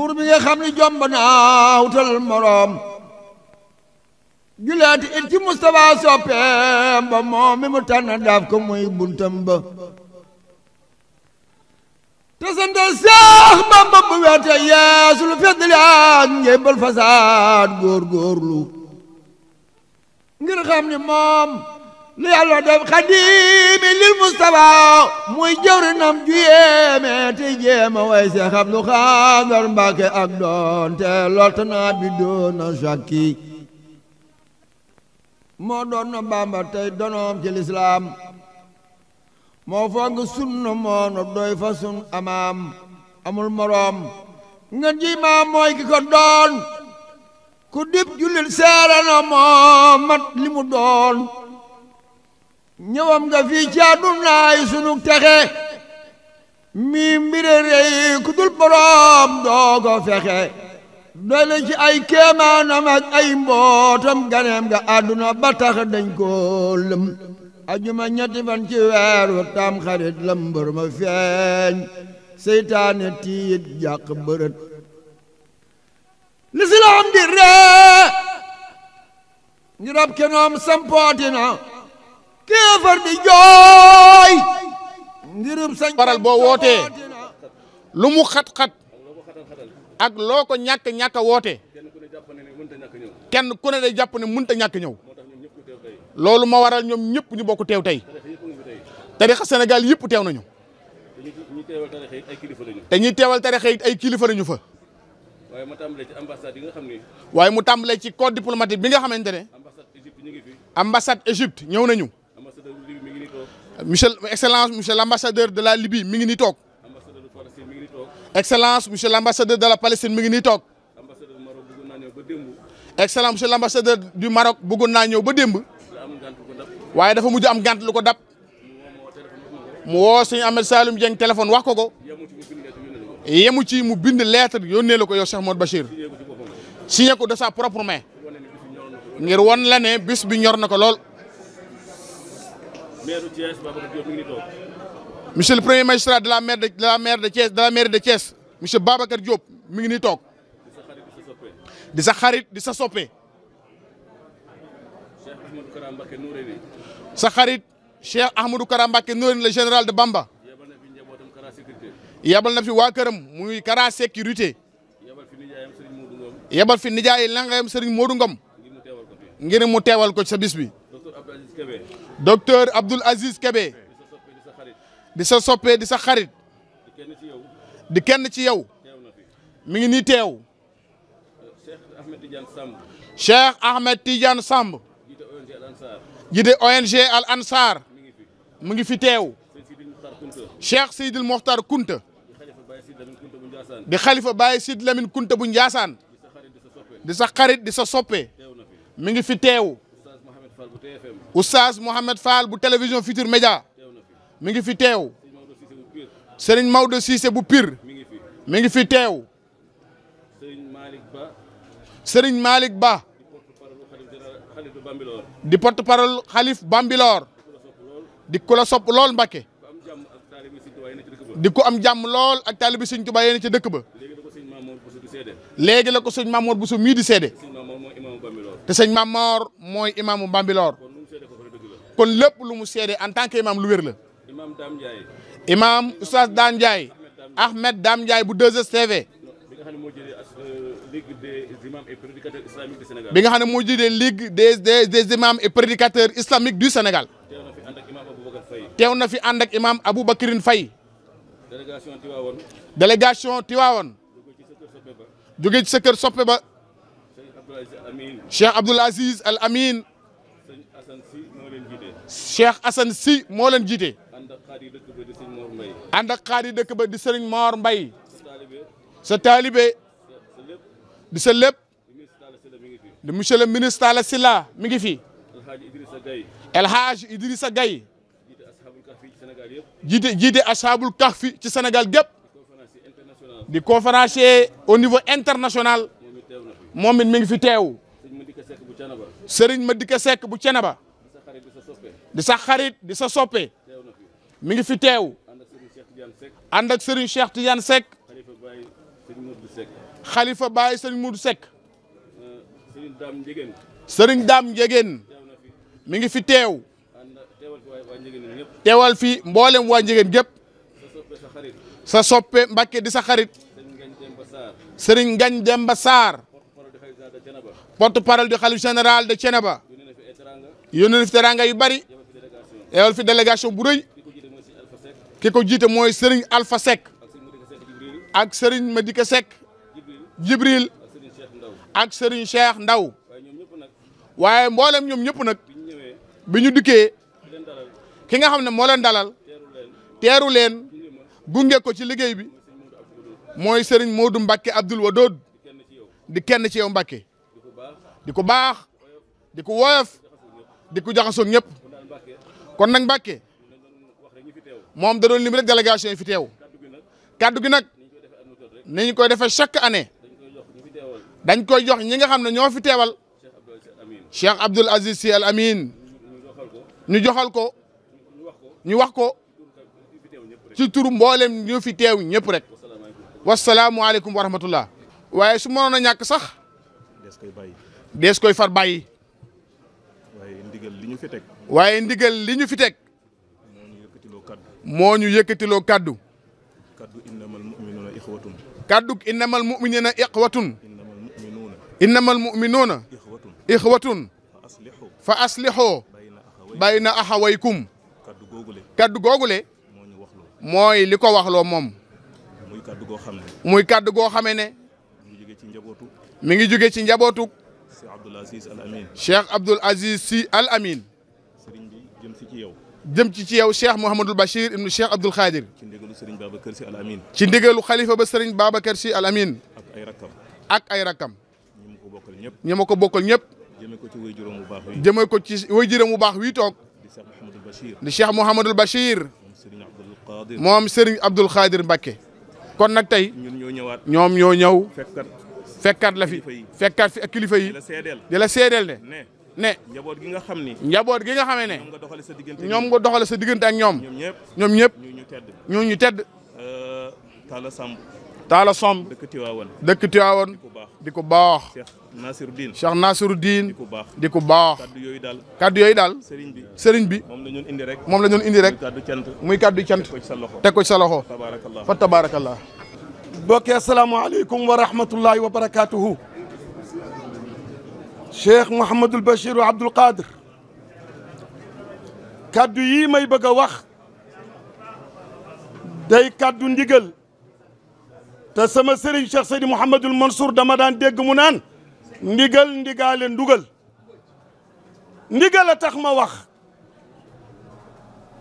buur bi nga xam ni jomb naa wutal moroom juleeti it ci soppeem ba moom mi mu tànn daaf muy buntam ba te sante seex bamba bu wete yeesul feddli ak njébbal fasaad góor góorlu ngir xam ni moom lu yàlla def xadimi lil Mustafa muy jëwrinam ju yéeme te jéema way se xam lu xaadar Mbàkke ak doonte lottanaa bi doona sakki moo doon na Bàmba tey donoom ci lislaam moo foog sunna moo nu doy fa sun amaam amul moroom ngeen ji maam mooy ki ko doon ku dib jullit seere na moo mat li mu doon ñëwam nga fii ci àddunaay sunu texe mi mbiri rëy ku dul boroom doogo fexe doy ci ay kéemaanam ak ay mbootam ganeem nga àdduna batax tax dañ koo lëm ajuma ñetti fan ci weeru tam xarit lëmbër ma feeñ seytaane tiit jàq bërët lislaam di ree ngir ab kenoom sampootina kéefar bi jooy ngirum sañ faral boo wootee lu mu xat-xat ak loo ko ñàkk-ñàkk a woote kenn ku ne day jàpp ne mënta ñàkk ñëw loolu ma waral ñoom ñëpp ñu bokk teew tey tarixa Sénégal yëpp teew nañu te ñuy teewal tarixa it ay kilifa lañu fa waaye mu tàmbalee ci ambassade yi nga xam ne waaye mu tàmbalee ci corps bi nga xamante ne ambassade Égypte ñëw nañu monsieur excellence monsieur l' ambassadeur de la Libye mi ngi nii toog. excellence monsieur l' ambassadeur de la Palestine mi ngi nii toog. excellence monsieur l' du Maroc bëggoon naa ñëw ba démb. waaye dafa mujj am gànt lu ko dab. mu woo sëñ Ahmed Saloum téléphone wax ko yemu ci mu bind lettre yónnee la ko yow Cheikh Modou Bachir. signé ko de sa ngir won la ne bis bi ñor na ko lool. monsieur le premier magistrat de la maire de de la maire de Thiès de la mairie de Thiès monsieur mi ngi nii toog di sa xarit di sa soppe. sa xarit Cheikh Ahmadou Kara le général de Bamba. yabal na fi waa këram muy yabal fi nijaay langayam Serigne Modou Ngom. ngir mu teewal ko ci docteur Abdoul Aziz Kébé di sa soppee di sa xarit di kenn ci yow mi ngi nii teew Cheikh Ahmed Tidiane Samb jiite ONG Al Ansar mu ngi fi teew Cheikh Seydil Mokhtar Kunta di xalifa Baye Sid Lamine Kunta bu Njaasaan di sa xarit di sa soppe mi ngi fi teew oustaz Mouhamed Fall bu télévision Futur Média mi ngi fi teew Serigne Maodo Cissé bu Pire mi ngi fi teew Serigne Malick Ba di porte parole xalif Bambilor di ku la sopp lool Mbacke di ko am jàmm lool ak taalibi Serigne Touba yéen ci dëkk ba léegi la ko sëñ Mamour Bousso mii di seede te sëñ Mame Mor mooy imaamu Bambilor kon lépp lu mu seede en tant que imaam lu wér la imaam Dame Ndiaye imaam Ahmed Dame bu 2STV Ligue des imams bi nga xam ne moo jiite euh, Ligue de des des imams et prédicateurs islamiques du Sénégal. teew na fi ànd ak imam Aboubacar Faye. teew na fi ànd ak Cheikh Abdoul Aziz Al Amin. Cheikh Assane moo leen jiite. ànd ak xaar yi dëkk ba di sëñ Mor Mbaye. ànd taalibe. di sa lépp. di monsieur le la Talla Sylla mi ngi fi. El Hadj Idrissa Gaye. El Hadj Idrissa Gaye. jiite ashabul kahfi ci Sénégal yëpp. di conférencier au niveau international. moom it mi ngi fi teew. sëriñ Madika Seck bu Cenaba. di sa xarit di sa soppe. mi ngi fi teew. ànd ak sëriñ Cheikh Tidiane Seck. xalifa Baye sëriñ Moudou Seck. sëriñ euh, sëriñ Dame Ndiégène. mi ngi fi teew. teewal fi mboolem waa Ndiégène gépp. sa soppe mbakke di sa xarit. sëriñ Ngañ Demba Sarr. porte parole du xalif général de Thiénaba yónnee na fi teranga yu bari yeewal fi délégation bu rëy ko jiite mooy Serigne Alpha Seck ak Serigne Madika sek Jibril ak Serigne Cheikh Ndaw waaye mboolem ñoom ñëpp nag bi ñu dikkee ki nga xam ne moo leen dalal teeru leen gunge ko ci liggéey bi mooy Serigne Modou Mbacké Abdoul Wadood di kenn ci yow Mbacké di baax di ku woyof di ku jaxasoo ñëpp kon nag Mbàkke moom da doon lim rek délégation yi fi teew kaddu gi nag ni ñu koy defee chaque année dañ koy jox ñi nga xam ne ñoo fi teewal Cheikh Abdoul Aziz Sy Al Amin ñu joxal ko ñu wax ko ci turu mboolem ñu fi teew ñëpp rek wasalaamualeykum wa rahmatullah waaye su mënoon a ñàkk sax dees koy far bàyyi. waaye ndigal li ñu fi teg. waaye ndigal li ñu fi teg. moo ñu yëkkatiloo kaddu. moo ñu yëkkatiloo kaddu. kaddu innamal mu'minuna ixwatun. kaddu innamal mu'minuna ixwatun. innamal mu'minuna ixwatun. fa aslixoo. bayna axawaykum. kaddu googule. kaddu googule. mooy li ko waxloo moom. muy kaddu goo xam ne. muy kaddu goo xamee ne. mi ngi jóge ci njabootu. mi ngi jóge ci njabootu. Abdoul Aziz Al Amin. Cheikh Abdoul Aziz Sy Al Amin. sëriñ bi jëm si ci yow. jëm ci ci yow Cheikh Mouhamadul Bachir ibnu Cheikh Abdoul Khadir. ci ndigalu sëriñ Babacar Sy Al Amin. ci ndigalu xalifa ba sëriñ Babacar Sy Al Amin. ak ay rakkam. ak ay rakkam. ñi ma ko bokkal ñëpp. ñi ma ko bokkal ñëpp. jëmee ko ci waajuram bu baax wi. jëmee ko ci waajuram bu baax wi toog. di Cheikh Mouhamadul Bachir. di Cheikh Mouhamadul Bachir. moom sëriñ Abdoul Khadir Mbacké kon nag tey ñun ñoo ñëwaat ñoom ñoo ñëw fekkat fekkaat la fi fekkaat fi ak kilifa yi di la seedeel ne ne njaboot gi nga xam ni njaboot gi nga xamee ne ñoom nga doxale sa diggante ak ñoom ñoom ñëpp ñu ñu tedd euh, Talla Samb Talla Samb dëkk Tiwaawan dëkk Tiwaawan di ko baax Cheikh Nasiruddin di ko baax kaddu yooyu daal sëriñ bi moom la ñoon indi rek muy kaddu cant teg ko ci sa loxo fa tabaarakallah bokkee asalaamaaleykum wa rahmatullahi wa barakaatuhu cheikh Mouhamadul Bachir Abdoul Qadir kaddu yii may bëgg a wax day kaddu ndigal te sama sëriñ cheikh Seydi Mouhamadul Mansour dama daan dégg mu naan ndigal ndigaale ndugal ndigal tax ma wax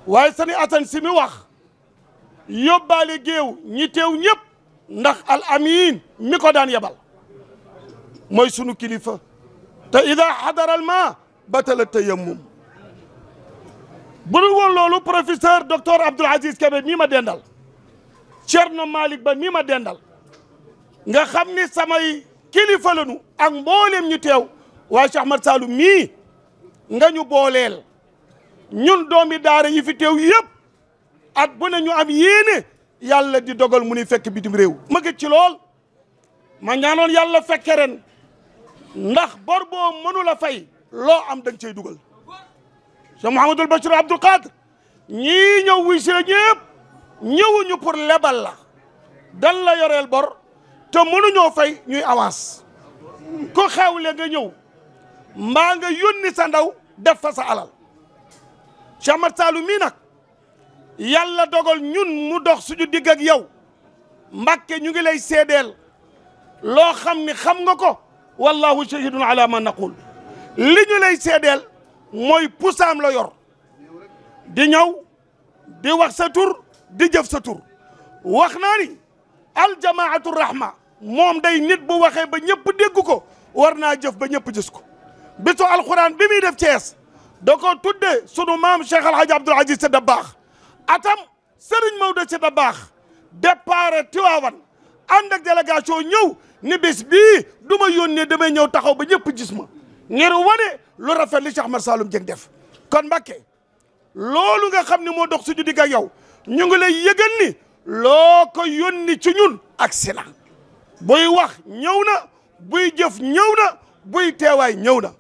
waaye sani atan si mi wax yóbbaale géew ñi ñëpp ndax al amin mi ko daan yebal mooy sunu kilifa te ida xadaral ma batala tayammum bu dul woon loolu professeur docteur Abdoul Aziz Kébé mii ma dendal Thierno Malick Ba mii ma dendal nga xam ni samay kilifa lanu ak mboolem ñu teew waaye Cheikh Ahmad Saloum mii nga ñu booleel ñun doomi daara yi fi teew yëpp at bu ne ñu am yéene yàlla di dogal mu ni fekk bitim réew ma gëj ci lool ma ñaanoon yàlla fekke ren ndax bor boo mënu la fay loo am da nga cay dugal Cheikh Mouhamadul Bachir Abdoul Khadr ñii ñëw wuy si la ñëpp ñëwuñu lebal la dan la yoreel bor te mënuñoo fay ñuy avance ku xewle nga ñëw mbaa nga yónni sa ndaw def fa sa alal Cheikh Mat Saalu mii nag yàlla dogal ñun mu dox suñu digg ak yow Mbàkke ñu ngi lay seedeel loo xam ni xam nga ko wallahu shahidun ala ma naqul li ñu lay seedeel mooy pusaam la yor di ñaw di wax sa tur di jëf sa tur wax naa ni atu rahma moom day nit bu waxee ba ñëpp dégg ko war naa jëf ba ñëpp gis ko bisu alquran bi muy def Cees da ko tudde sunu maam Cheikh Alhaji Abdoul Aziz Sy Dabakh atam Serigne Maodo ci da baax départ Tiwaawan ànd ak délégation ñëw ni bis bii du yónnee damay ñëw taxaw ba ñëpp gis ma ngir wane lu rafet li Cheikh Ahmad Saloum Dieng def kon Mbacké loolu nga xam ne moo dox suñu digg yow ñu ngi la yëgal ni loo ko yónni ci ñun ak sila buy wax ñëw na buy jëf ñëw na buy teewaay ñëw na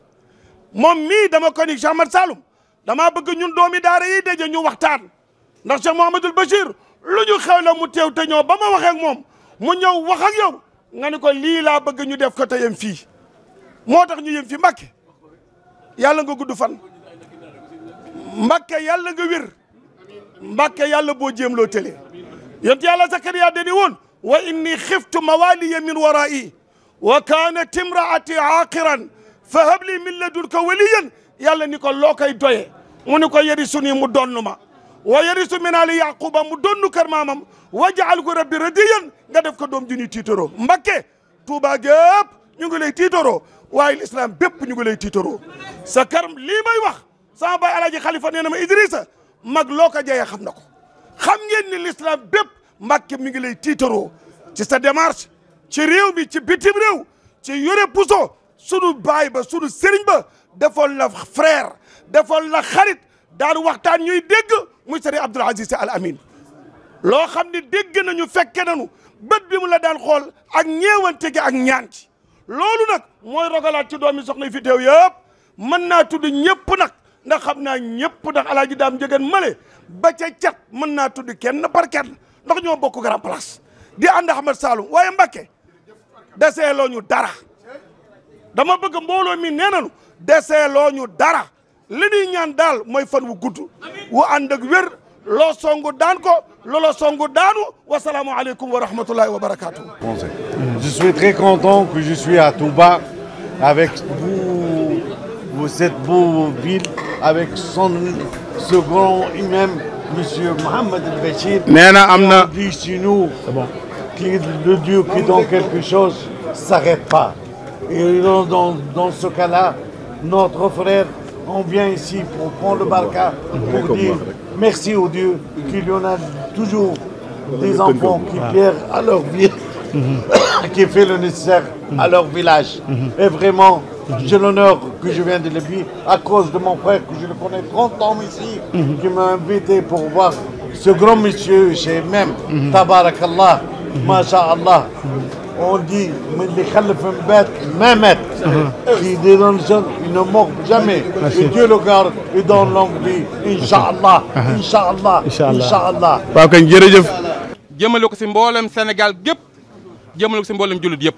moom mii dama ko ni Cheikh Ahmad Saloum damaa bëgg ñun doomi daara yi daje ñu waxtaan ndax Cheikh Mouhamadul Bachir lu ñu xew mu teew te ñoo ba ma waxee ak moom mu ñëw wax ak yow nga ni ko lii laa bëgg ñu def ko te yem fii moo tax ñu yem fii Mbàkke yàlla nga gudd fan Mbàkke yàlla nga wér Mbàkke yàlla boo jéem loo tëlee yonent yàlla Sakariya dani woon wa inni xiftu mawaliya min warai wa kaanat imraati aaqiran fa habli min ladunka waliyan yàlla ni ko loo koy doyee mu ni ko yari suni mu donn ma wa yarisu min ali yaquba mu donnu kër maamam wajaal ko rabbi radiyan nga def ko doom ju ñuy tiitaroo mbakke tuuba gépp ñu ngi lay tiitaroo waaye l'islam bépp ñu ngi lay tiitaroo sa kër lii may wax sama baay alaaji xalifa nee na ma idrissa mag looka ko jayee xam na ko xam ngeen ni l'islam bépp mbakke mi ngi lay tiitaroo ci sa démarche ci réew mi ci bitim réew ci yore puso sunu baay ba sunu sëriñ ba defoon la frère defoon la xarit daan waxtaan ñuy dégg mu sëriñ Abdoul Aziz Al Amin loo xam ne dégg nañu fekke nañu bët bi mu la daan xool ak ñeewante gi ak ñaan ci loolu nag mooy rogalaat ci doomi soxna yi fi teew yëpp mën naa tudd ñëpp nag ndax xam naa ñëpp ndax alaaji daam njëgën male ba ca cat mën naa tudd kenn par kenn ndax ñoo bokk grand place di ànd Ahmed Saloum waaye Mbacké desee loo ñu dara dama bëgg mbooloo mi nee na desee loo ñu dara li ñuy daal mooy fan wu gudd wu ànd ak wér loo songu daan ko loola songu daanu wasalaamu aleykum wa rahmatullahi wa barakatuh je suis très content que je suis à Touba avec vous, cette beau avec son ce grand monsieur Mohamed El Bachir nee na am na si nous qui donne quelque chose s'arrête pas et dans ce cas-là notre frère on vient ici pour prendre le barca, pour dire merci au Dieu qu'il y en a toujours des enfants qui pierrent à leur vie, qui fait le nécessaire à leur village. Mhm. Et vraiment, j'ai l'honneur que je viens de Libye à cause de mon frère que je le connais 30 ans ici, mhm. qui m'a invité pour voir ce grand monsieur chez même. Mhm. Tabarakallah, Masha'Allah. on dit les khalifs bêtes, Mehmet, mhm. qui dénonce, il ne manque jamais. Ah, et Dieu le garde et donne longue vie. kañ jërëjëf. jëmale ko si mboolem senegal gépp jëmale ko si mboolem jullit yëpp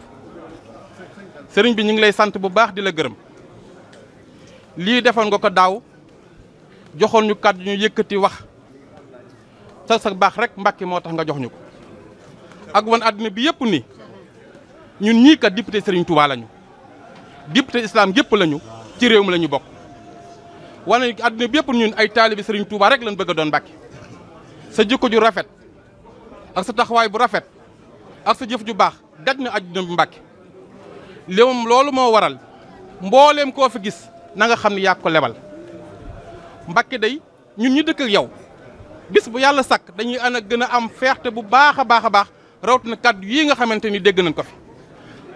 sëriñ bi ñu ngi lay sant bu baax di la gërëm lii defoon nga ko daaw joxoon ñu kàddu ñu yëkkati wax sa baax rek mbàkki moo tax nga jox ñu ko ak wan àddina bi yëpp nii. ñun ñii kat te Serigne Touba lañu député islam yëpp lañu ci réew mi lañu bokk. wane adduna bi yëpp ñun ay taalibi Serigne Touba rek lañ bëgg a doon Mbàkke sa jikko ju rafet ak sa taxawaay bu rafet ak sa jëf ju baax daj na adduna bi Mbàkke léegi loolu moo waral mbooleem koo fi gis na nga xam ne yaa ko lebal Mbàkke day ñun ñu dëkk ak yow. bis bu yàlla sàkk dañuy ànd ak gën a am feexte bu baax a baax a baax rawatina kàddu yii nga xamante ni dégg nañ ko fi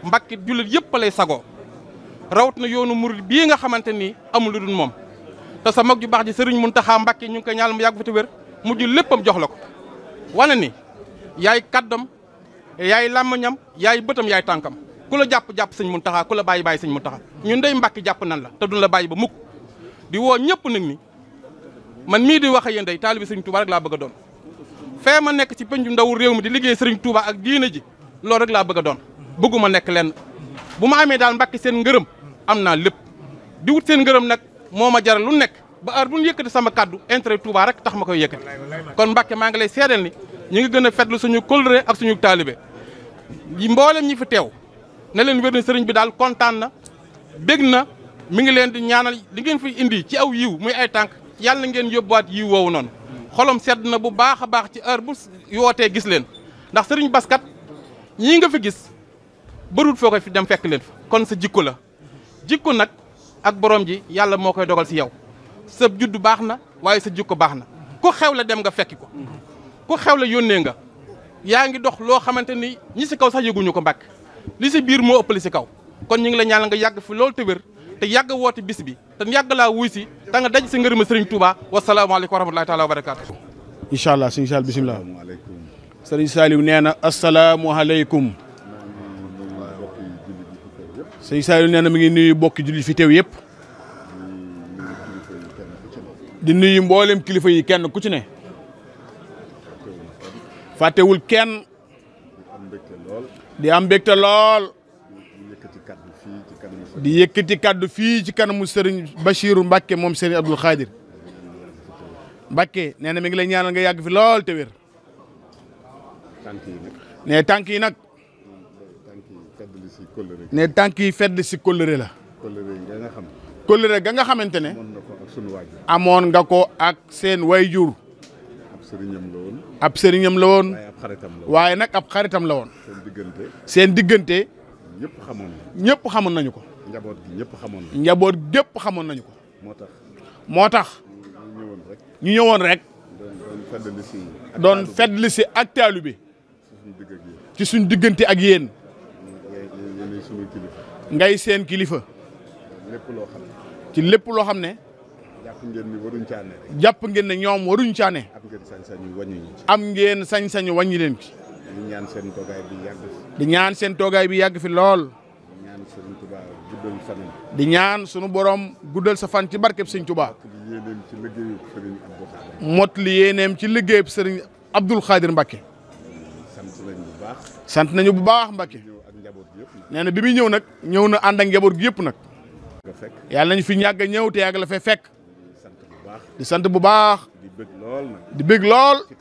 mbàkkit jullit yëpp lay sagoo rawat na yoonu murit bii nga xamante ni amul lu dul moom te sa mag ju baax ji sëriñ Muntaxa Mbàkke ñu ngi koy ñaanal mu yàgg fi te wér mujj léppam jox la ko wane ni yaay kaddam yaay làmmiñam yaay bëtam yaay tànkam ku la jàpp-jàpp sëñ Muntaxa ku la bàyyi bàyyi sëñ Muntaxa ñun day mbàkki jàpp nan la te duñ la bàyyi ba mukk di woo ñëpp nag ni man mii di wax ak yéen day taalibi sëriñ Touba rek laa bëgg doon fee ma nekk ci penju ndaw réew mi di liggéey sëriñ Touba ak diina ji loolu rek laa bëgg a doon bëgguma nekk leen bu ma amee daal mbàkki seen ngërëm am naa lépp di seen ngërëm nag moo ma jaral lu nekk ba heure bu ñu yëkkati sama kàddu intérêt Touba rek tax ma koy yëkkati kon mbàkke maa ngi lay seedeel ni ñu ngi gën a fetlu suñu kóllëre ak suñu taalibe mboolem ñi fi teew na leen wér ni sëriñ bi daal kontaan na bég na mi ngi leen di ñaanal li ngeen fi indi ci aw yiw muy ay tànk yàlla na ngeen yóbbuwaat yiw woowu noonu xolom sedd na bu baax a baax ci heure bu yootee gis leen ndax sëriñ baskat ñii nga fi gis bërut foo ko fi dem fekk leen fa kon sa jikko la jikko nag ak borom ji yàlla moo koy dogal si yow sa juddu baax na waaye sa jikko baax na ku xew le dem nga fekki ko ku xew la yónnee nga yaa ngi dox loo xamante ni ñi si kaw sax yëguñu ko mbàkk li si biir moo ëpp li si kaw kon ñu ngi la nga yàgg fi loolu te wér te yàgg woote bis bi te yàgg laa wuy si te nga daj si ngërëma sëriñ Touba wasalaamaaleykum wa rahmatulahi taala wa barakaatu. incha allah sëriñ Sall bisimilah. sëriñ Saliou nee na asalaamualeykum. sëñ Saliou nee na mi ngi nuyu bokki julli fi teew yëpp di nuyu mboolem kilifa yi kenn ku ci ne fàttewul kenn di am mbégte lool di yëkkati kaddu fii ci kanamu Serigne Bachirou Mbacke moom Serigne Abdoul Khadir Mbacke nee na mi ngi la ñaanal nga yàgg fi lool te ne tànk ne tànk yi fedd si kóllëre la. kóllëre ga nga xam. kóllëre nga xamante ne. amoon nga ko ak seen wayjur. ab sëriñam la woon. ab sëriñam la woon. waaye la waaye nag ab xaritam la woon. seen diggante. seen diggante. ñëpp xamoon nañu ñëpp xamoon nañu ko. njaboot gi xamoon njaboot gépp xamoon nañu ko. moo tax. moo tax. ñu ñëwoon rek. ñu ñëwoon rek. doon fedd li si. ak taalu bi. ci suñ diggante ak yéen. ngay seen kilifa. lépp loo ci lépp loo xam ne. jàpp ngeen ni jàpp ngeen ne ñoom waruñ caane. am ngeen sañ-sañu wàññi am ngeen sañ-sañu wàññi leen ci. di ñaan seen toogaay bi yàgg fi. di ñaan seen toogaay bi yàgg fi lool. di ñaan seen Tuubaa guddal fan. sunu borom guddal sa fan ci barkeb sëñ Tuubaa. mot li yéeneem ci liggéeyub sëriñ Abdul Xaadir Mbacke. sant nañu bu baax. nee bi muy ñëw nag ñëw na ànd ak njaboot gi yëpp nag. yàlla nañ fi ñàgg ñëw te yàgg la fee fekk. di sant bu baax. di bëgg lool di bëgg lool. ci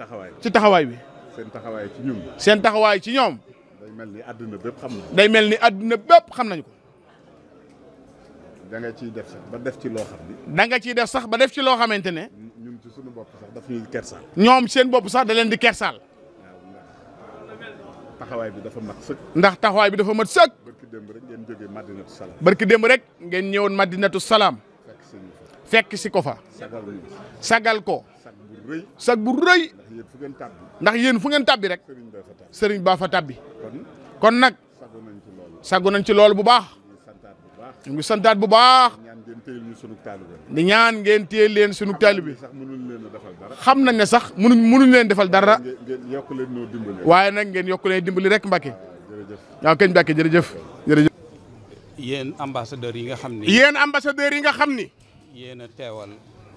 taxawaay bi ci taxawaay bi. seen taxawaay ci ñoom. seen taxawaay ci ñoom. day mel ni àdduna bépp xam nañ day mel ni àdduna bépp xam nañ ko. danga nga ciy def sax ba def ci loo xam ni. da nga ciy def sax ba def ci loo xamante ne. ñun ci suñu bopp sax daf ñuy ñoom seen bopp sax da leen di kersaal. taxawaay bi dafa mat sëkk. ndax taxawaay bi dafa mat sëkk. barki démb rek ngeen jógee Madinatu Salaam. ko fa. sagal ko. sag bu rëy. ndax yéen fu ngeen tàbbi rek. sëriñ baa fa tàbbi. kon nag. sago nañ ci loolu bu baax. ñu ngi santaat bu baax. di ñaan ngeen téye leen sunu taalibe. xam nañ ne sax mënuñ mënuñ leen defal dara. waaye nag ngeen yokk leen dimbali rek Mbacke. waaw kañ Mbacke jërëjëf jërëjëf. yéen ambassadeurs yi nga xam ni. yéen ambassadeurs yi nga xam ni. yéen a teewal.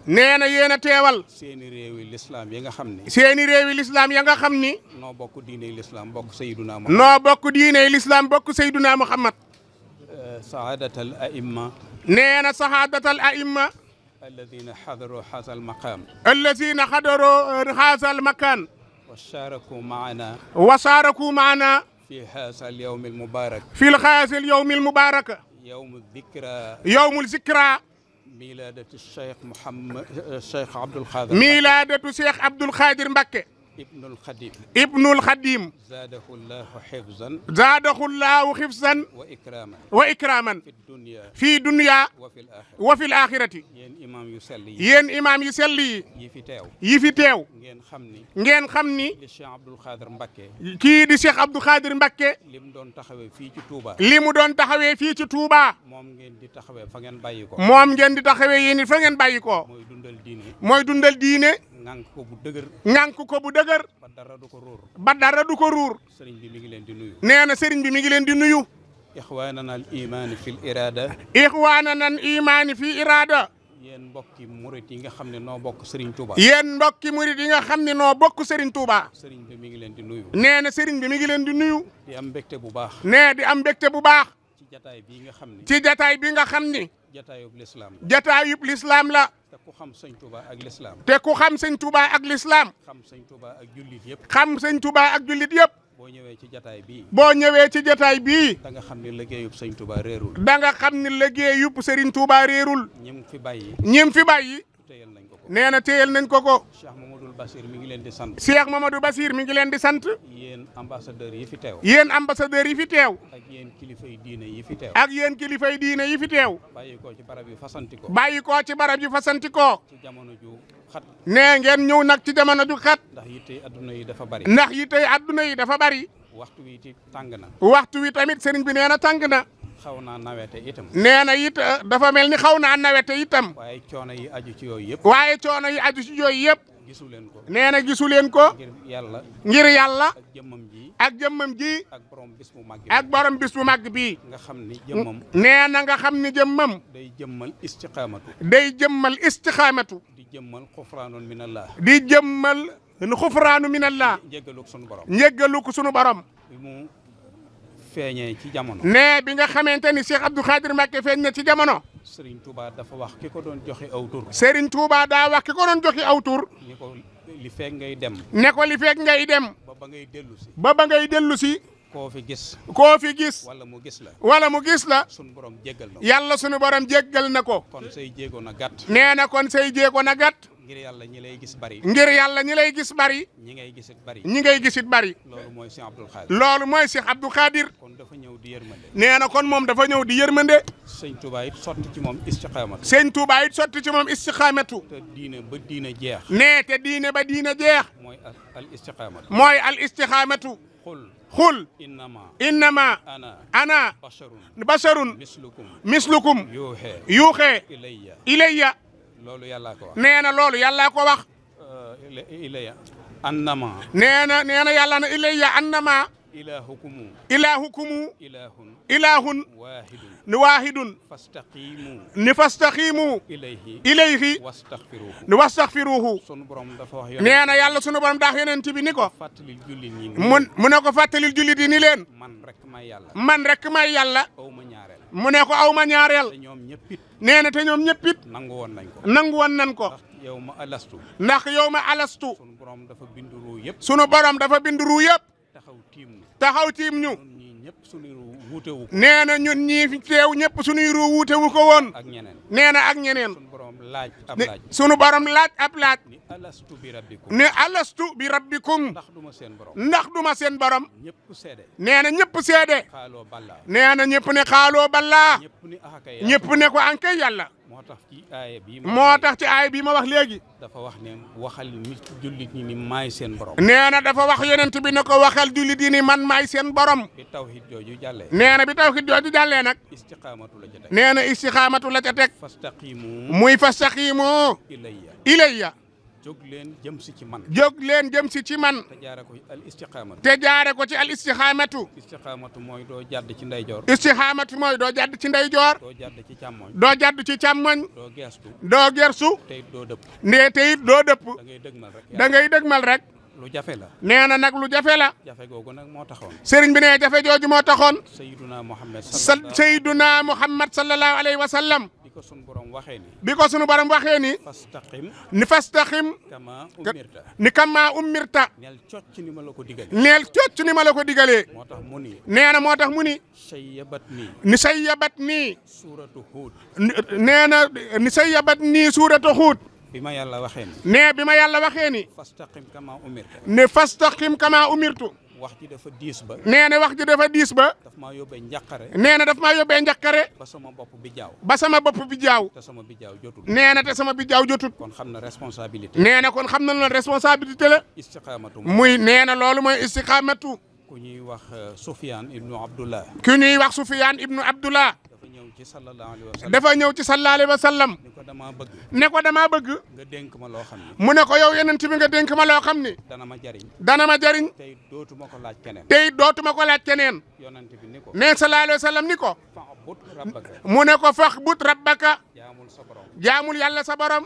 nee na yéen a teewal. seeni réewi lislaam ya nga xam ni. seeni réewi lislaam ya nga xam ni. noo bokk diiney lislaam bokk Seyduna Muhammad. noo bokk diiney lislaam bokk Seyduna Muhammad saadatal aimma nee na saadatal aimma alladina xadaroo xaasal maqaam alladina xadaroo xaasal makaan wasaaraku maana wasaaraku maana fi haasal yowmil mubaarak fi haasal yowmil mubaarak yowmu zikra yowmu zikra milaadatu cheikh Mouhamed cheikh Abdoul Khadir milaadatu cheikh Abdoul Khadir Mbacké Ibnul Xadim. Ibnul Xadim. zaadahu llaahu xifzan. zaadahu llaahu xifzan. wa ikraaman. wa ikraaman. fi dunya. fi dunya. wa fil aaxirati. wa fil aaxirati. yéen yu sell yi. yéen yu sell yi. fi teew. yi fi teew. ngeen xam ni. ngeen xam ni. di Cheikh Abdoul Khadir Mbakke. kii di Cheikh Abdoul Khadir Mbakke. li mu doon taxawee fii ci Touba. li mu doon taxawee fii ci Touba. moom ngeen di taxawee fa ngeen bàyyi ko. moom ngeen di taxawee yéen it fa ngeen bàyyi mooy dundal diine. ŋànk ko bu dëgër. ŋànk ko bu dëgër. ba dara du ko ruur. ba dara du ko ruur. sëriñ bi mi ngi leen di nuyu. nee na sëriñ bi mi ngi leen di nuyu. ixwaanana al imaani fil iraada. ixwaanana al imaani fii iraada. yéen mbokki murit yi nga xam ne noo bokk Serigne Touba. yéen mbokki murit yi nga xam ne noo bokk Serigne Touba. Serigne bi mi ngi leen di nuyu. nee na Serigne bi mi ngi leen di nuyu. di am mbégte bu baax. nee di am mbégte bu baax. ci jataay bii nga xam ni. ci jataay bi nga xam ni. jataayub lislaam la. jataayub lislaam la. te xam sëñ tuba ak lislaam. te ku xam sëñ Touba ak lislaam. xam sëñ Touba ak jullit yëpp. xam sëñ Touba ak jullit yëpp. boo ñëwee ci jataay bi boo ñëwee ci jataay bi da nga xam ni liggéeyub sëñ Touba réerul. da danga xam ni liggéeyub sëriñ Touba réerul. ñim fi bàyyi. ñim fi bàyyi. nee nañ ko. Bachir mi ngi leen di sant. Cheikh du Bachir mi ngi leen di sant. yéen ambassadeurs yi fi teew. yéen ambassadeurs yi fi teew. ak yéen yi diine yi fi teew. ak yéen kilifay diine yi fi teew. bàyyi ko ci barab yu fasantikoo. bàyyi ko ci barab yu fasantikoo. ci jamono ju xat. nee ngeen ñëw nag ci jamono ju xat. ndax yi tey adduna yi dafa bari. ndax yi tey adduna yi dafa bari. waxtu wi ci tàng na. waxtu wi tamit sëriñ bi nee na tàng na. xaw naa nawete itam. nee na it dafa mel ni xaw naa nawete itam. waaye coono yi aju ci yooyu yëpp. waaye coono yi aju ci yooyu yëpp. gisu leen ko nee na gisu leen ko. ngir yàlla ngir yàlla. ak jëmmam ji ak jëmmam ji. ak borom bis bu màgg ak borom bis bu màgg bii. nga xam ni jëmmam. nee na nga xam ni jëmmam. day jëmmal istiqaamatu. day jëmmal istiqaamatu. di jëmmal xufraanun minallah. di jëmmal xufraanu minallah. njëggalu ko sunu borom. njëggalu ko sunu borom. feeñee ci jamono. nee bi nga xamante ni Cheikh Abdou Khadir Mbacké feeñ na ci jamono. Serigne Touba dafa wax ki ko doon joxe aw tur. Serigne Touba daa wax ki ko doon joxe aw tur. ne ko li feeg ngay dem. ne ko li feeg ngay dem. ba ba ngay dellu si. ba ba ngay dellu si. koofi gis. koo fi gis. wala mu gis la. wala mu gis la. sunu borom jéggal na ko. yàlla sunu borom jéggal na ko. kon say jéego na gàtt. nee na kon sey jéego na gàtt. ngir yàlla ñi lay gis bari. ngir yàlla ñi lay gis bari. ñi ngay gisit bari. ñi ngay gisit bari. loolu mooy Cheikh Abdoul loolu mooy Cheikh Abdoul Khadir. kon dafa ñëw di nee na kon moom dafa ñëw di yërmande. sëñ Touba it sotti ci moom istiqaamatu. sëñ Touba it sotti ci moom istiqaamatu. te diine ba diine jeex. nee te diine ba diine jeex. mooy al istiqaamatu. mooy al xul innama ana basharun mislukum yuuxee ilayya nee na loolu yàllaa ko wax uh, nee na nee na yàlla na ilayya annama ilahukumu ilahukumu ilahun ilahun wahidun ni wahidun fastaqimu ni fastaqimu ilayhi ilayhi wastaghfiruhu ni wastaghfiruhu sunu borom dafa wax nee na yàlla sunu borom daax yonent bi ni ko fàttalil jullit ñi mun mu ko fàttalil jullit yi ni leen man rek may yàlla man rek may yàlla aw ma ñaareel mu ne ko aw ma ñaareel ñoom ñëppit nee na te ñoom ñëppit nangu woon nañ ko woon nañ ko yow ma alastu ndax yow ma alastu sunu dafa bind ruu yëpp taxaw tiim ñu. nee na ñun ñii fi teew ñëpp suñuy ruu wuute ko woon. nee na ak ñeneen. sunu borom laaj ab laaj. ne alastu bi rabbikum. ndax duma seen borom. ndax duma seen borom. nee na ñëpp seede. nee na ñëpp ne xaaloo ballaa. ñëpp ne ko ankay yàlla. moo tax ci aaya bii moo tax ci aaya bii ma wax léegi. dafa wax ne waxal nit jullit ñi ni maay seen borom. nee na dafa wax yonent bi ne ko waxal jullit yi ni man maay seen borom. bi tawhid jooju jàllee. nee na bi tawhid jooju jàllee nag. istiqaamatu la ca teg. nee na istiqaamatu la ca teg. fastaqiimu muy fastaqiimu. ilayya ilayya. jóg leen jëm si ci man. jóg leen jëm si ci man. te jaare ko ci al istiqaamatu. te jaare ko ci al istiqaamatu. istiqaamatu mooy doo jàdd ci ndeyjoor. istiqaamatu mooy doo jàdd ci ndeyjoor. doo jàdd ci càmmoñ. doo jàdd ci càmmoñ. doo gersu. doo gersu. te it doo dëpp. nee te it doo dëpp. da ngay dëgmal rek. da ngay dëgmal rek. lu jafe la. nee na nag lu jafe la. jafe googu nag moo taxoon. sëriñ bi nee jafe jooju moo taxoon. Seyduna Muhammad. Seyduna Muhammad sallallahu alayhi wa sallam. ko sunu borom waxee ni bi ko sunu borom waxee ni fastaqim ni fastaqim kama umirta ni kama umirta neel cocc ni ma la ko digalee neel cocc ni ma la ko digalee moo tax mu ni nee na moo tax mu ni sayyabat nii ni sayyabat nii suuratu huud nee na ni sayyabat nii suuratu huud bi ma yàlla waxee ni nee bi ma yàlla waxee ni fastaqim kama umirta ne fastaqim kama umirtu wax ji dafa diis ba. nee na wax ji dafa diis ba. daf maa yóbbee njàqare. nee na daf maa yóbbee njàqare. ba sama bopp bi jaaw. ba sama bopp bi jaaw. te sama bijaw jaaw jotul. nee na te sama bi jaaw jotul. kon xam na responsabilité. nee na kon xam na loolu responsabilité la. istiqaamatu muy nee na loolu mooy istiqaamatu. ku ñuy wax euh, Soufiane ibnu Abdullah. ku ñuy ibnu Abdullah. ñëw ci sallallahu alayhi wa sallam dafa ñëw ci sallallahu alayhi wa sallam ne ko damaa bëgg ne ko damaa nga dénk ma loo xam ne mu ne ko yow yeneen bi nga dénk ma loo xam ne dana ma jariñ dana ma jariñ tey dootuma ko laaj keneen tey ma ko laaj keneen yonent bi ni ko ne sallallahu alayhi wa sallam ni ko faxbut rabbaka mu ne ko faxbut rabbaka jaamul sa borom jaamul yàlla sa borom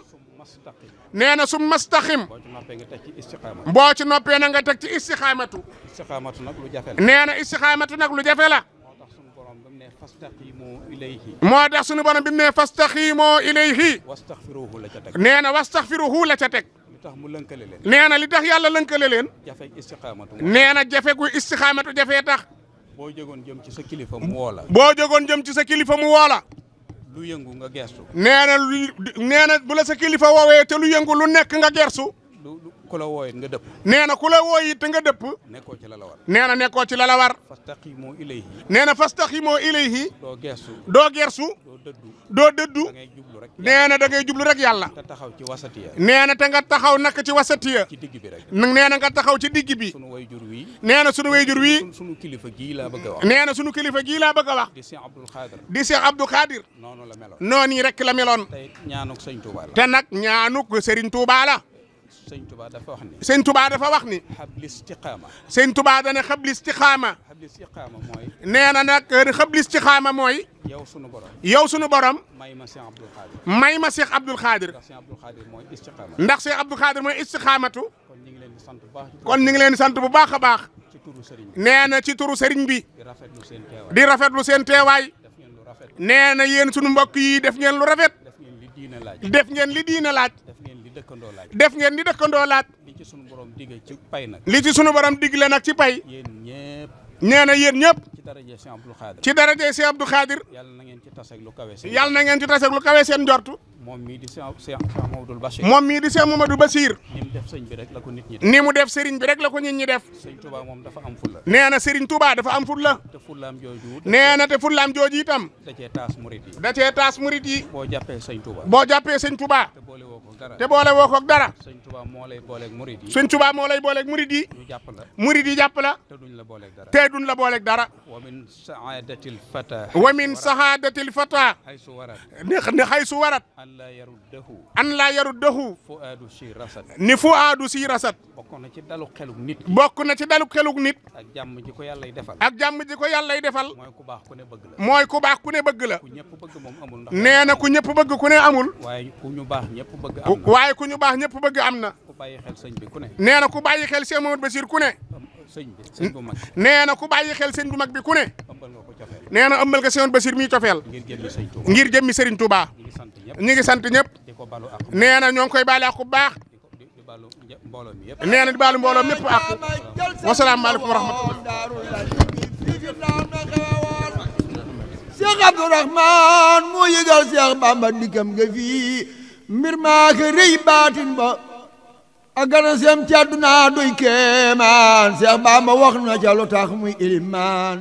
nee na su mastaxim boo ci noppee nga teg ci istiqaamatu boo ci noppee na nga teg ci istiqaamatu istiqaamatu nag lu na istiqaamatu nag lu jafe moo tax sunu borom bi mu ne fastaqiimoo ilayhi wastaxfiruhu la ca teg nee na wastaxfiruhu la ca teg tax mu lënkale nee na li tax yàlla lënkale leen jafe nee na jafe gu istixaamatu jafee tax boo jegoon jëm ci sa kilifa mu woo boo jegoon jëm ci sa kilifa mu woo la lu yëngu nga gersu nee na lu bu la sa kilifa woowee te lu yëngu lu nekk nga gersu lu ku la wooyit nga dëpp. nee na ku la wooyit te nga dëpp. nekkoo ci la la war. nee na nekkoo ci la la war. fastaqimu ilayhi. nee na fastaqimu ilayhi. doo gersu. doo gersu. doo dëddu. doo dëddu. da ngay jublu rek. nee na da ngay jublu rek yàlla. te taxaw ci wasatiya. nee na te nga taxaw nak ci wasatiya. ci digg bi rek. nee na nga taxaw ci digg bi. sunu wayjur wii. nee na sunu wayjur wii. sunu kilifa gii laa bëgg a wax. nee na sunu kilifa gii laa a wax. di Cheikh Abdou Khadir. di Cheikh la meloon. noonu rek la meloon. te ñaanuk Serigne Touba sëñ Touba dafa wax ni. sëñ Touba dafa wax ni. xabli istiqaama. sëñ Touba dana xabli istiqaama. xabli istiqaama mooy. nee na nag er, xabli istiqaama mooy. yow sunu borom. yow sunu borom. may ma Cheikh Abdoul Khadir. may ma Cheikh Abdoul ndax Cheikh Abdoul Khadir mooy istiqaama. ndax Cheikh Abdoul Khadir mooy istiqaamatu. kon ñu ngi leen di sant bu baax. kon ñu ngi leen di sant bu baax a baax. ci turu sëriñ bi nee na ci turu sëriñ bi. di rafetlu seen teewaay. di rafetlu seen teewaay. nee na yéen sunu mbokk yi def ngeen lu rafet. def ngeen li diina laaj. def ngeen ni dëkkandoo laat li ci sunu borom digle ci pay nag li ci sunu borom digle nag ci pay yéen ñëpp nee ñëpp ci daraje Cheikh Abdou Khadir ci daraje Cheikh Abdou na ngeen ci taseeg lu kawe seen lu kawe seen njortu moom mii di Cheikh Mamadou Bachir moom mii di Cheikh def sëriñ bi rek la ko nit def ni mu def sëriñ bi rek la ko nit ñi moom dafa am fulla nee na sëriñ Touba dafa am fulla te fullaam jooju nee na te fullaam jooju itam da taas murit yi da cee taas boo jàppee sëriñ Touba boo jàppee boole woo ko te boole woo koog dara. sëñ Tuubaa moo lay booleeg murid yi. sëñ Tuubaa moo lay booleeg murid la murid yi jàpp la. te duñ la booleeg dara te duñ la booleeg dara. wa min saadatil fata. wa min saadatil fata. haysu warat ne haysu warat. an laa yaruddahu. an si rasat. ni fuaadu si rasat. bokk na ci dalu xelug nit. bokk na ci dalu xelug nit. ak jàmm ji ko yalla yàllay defal. ak jàmm ji ko yàllay defal. mooy ku baax ku ne bëgg la. mooy ku baax ku ne bëgg la. ku ñëpp bëgg moom amul. na ku ñëpp bëgg ku ne amul. waaye ku ñu baax ñëpp bëgg am na. ku bàyyi xel sëñ bi ku ne. na ku bàyyi xel Cheikh Mamadou Bachir ku ne. sëñ ku bàyyi xel sëñ bu mag bi ku ne. nee na ëmbal nga Cheikh Mamadou Bachir miy cofeel. ngir jëmmi sëñ Touba ngir jëmmi Serigne Touba. ñu ngi sant ñëpp. nee na ñoo ngi koy baale ak bu baax. nee na di baalu mbooloo mépp ak. wasalaamaaleykum wa rahmatulah. Cheikh Abdourahmane moo yëgal Cheikh Bamba dikkam nga mbir maa rëy baatin ba a gana sem ci àdduna doy kéemaan Seex Bamba wax na ca lu tax muy ilimaan